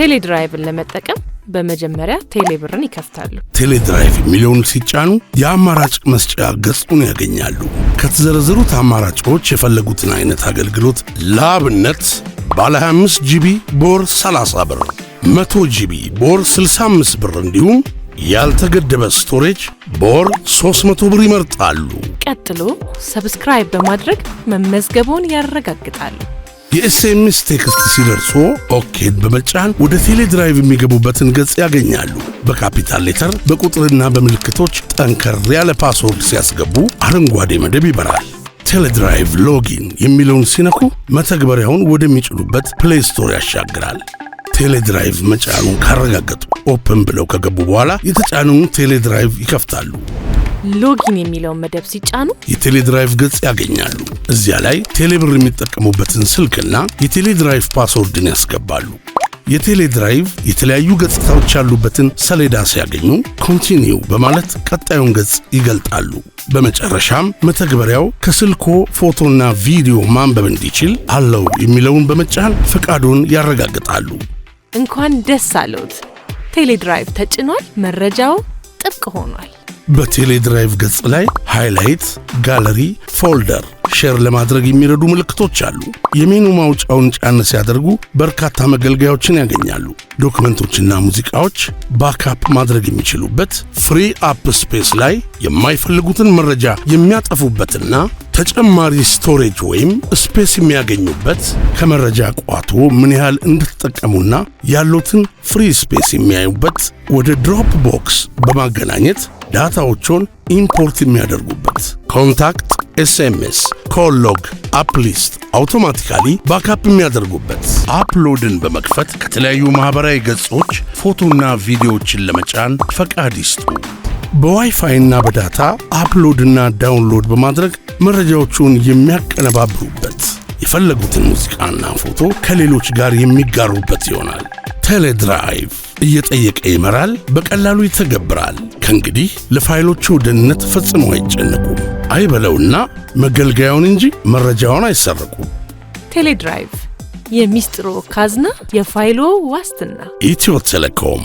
ቴሌድራይቭን ለመጠቀም በመጀመሪያ ቴሌብርን ይከፍታሉ። ቴሌድራይቭ የሚለውን ሲጫኑ የአማራጭ መስጫ ገጹን ያገኛሉ። ከተዘረዘሩት አማራጮች የፈለጉትን አይነት አገልግሎት ለአብነት ባለ 25 ጂቢ ቦር 30 ብር፣ 100 ጂቢ ቦር 65 ብር እንዲሁም ያልተገደበ ስቶሬጅ በወር 300 ብር ይመርጣሉ። ቀጥሎ ሰብስክራይብ በማድረግ መመዝገቡን ያረጋግጣሉ። የኤስኤምኤስ ቴክስት ሲደርሶ ኦኬን በመጫን ወደ ቴሌድራይቭ የሚገቡበትን ገጽ ያገኛሉ። በካፒታል ሌተር በቁጥርና በምልክቶች ጠንከር ያለ ፓስወርድ ሲያስገቡ አረንጓዴ መደብ ይበራል። ቴሌድራይቭ ሎጊን የሚለውን ሲነኩ መተግበሪያውን ወደሚጭኑበት ፕሌይ ስቶር ያሻግራል። ቴሌድራይቭ መጫኑን ካረጋገጡ ኦፕን ብለው ከገቡ በኋላ የተጫነውን ቴሌድራይቭ ይከፍታሉ። ሎጊን የሚለውን መደብ ሲጫኑ የቴሌድራይቭ ገጽ ያገኛሉ። እዚያ ላይ ቴሌብር የሚጠቀሙበትን ስልክና የቴሌድራይቭ ፓስወርድን ያስገባሉ። የቴሌድራይቭ የተለያዩ ገጽታዎች ያሉበትን ሰሌዳ ሲያገኙ ኮንቲኒው በማለት ቀጣዩን ገጽ ይገልጣሉ። በመጨረሻም መተግበሪያው ከስልኮ ፎቶና ቪዲዮ ማንበብ እንዲችል አለው የሚለውን በመጫን ፈቃዱን ያረጋግጣሉ። እንኳን ደስ አለዎት! ቴሌድራይቭ ተጭኗል። መረጃው ጥብቅ ሆኗል። በቴሌድራይቭ ገጽ ላይ ሃይላይት፣ ጋለሪ፣ ፎልደር ሼር ለማድረግ የሚረዱ ምልክቶች አሉ። የሜኑ ማውጫውን ጫን ሲያደርጉ በርካታ መገልገያዎችን ያገኛሉ። ዶክመንቶችና ሙዚቃዎች ባካፕ ማድረግ የሚችሉበት ፍሪ አፕ ስፔስ ላይ የማይፈልጉትን መረጃ የሚያጠፉበትና ተጨማሪ ስቶሬጅ ወይም ስፔስ የሚያገኙበት ከመረጃ ቋቶ ምን ያህል እንደተጠቀሙና ያሉትን ፍሪ ስፔስ የሚያዩበት ወደ ድሮፕ ቦክስ በማገናኘት ዳታዎቹን ኢምፖርት የሚያደርጉበት ኮንታክት፣ ኤስኤምኤስ፣ ኮሎግ አፕሊስት አውቶማቲካሊ ባካፕ የሚያደርጉበት አፕሎድን በመክፈት ከተለያዩ ማኅበራዊ ገጾች ፎቶና ቪዲዮዎችን ለመጫን ፈቃድ ይስጡ። በዋይፋይ እና በዳታ አፕሎድና ዳውንሎድ በማድረግ መረጃዎቹን የሚያቀነባብሩበት የፈለጉትን ሙዚቃና ፎቶ ከሌሎች ጋር የሚጋሩበት ይሆናል። ቴሌድራይቭ እየጠየቀ ይመራል፣ በቀላሉ ይተገብራል። ከእንግዲህ ለፋይሎቹ ደህንነት ፈጽሞ አይጨነቁም። አይበለውና መገልገያውን እንጂ መረጃውን አይሰረቁ። ቴሌድራይቭ የሚስጥሮ ካዝና፣ የፋይሎ ዋስትና። ኢትዮ ቴሌኮም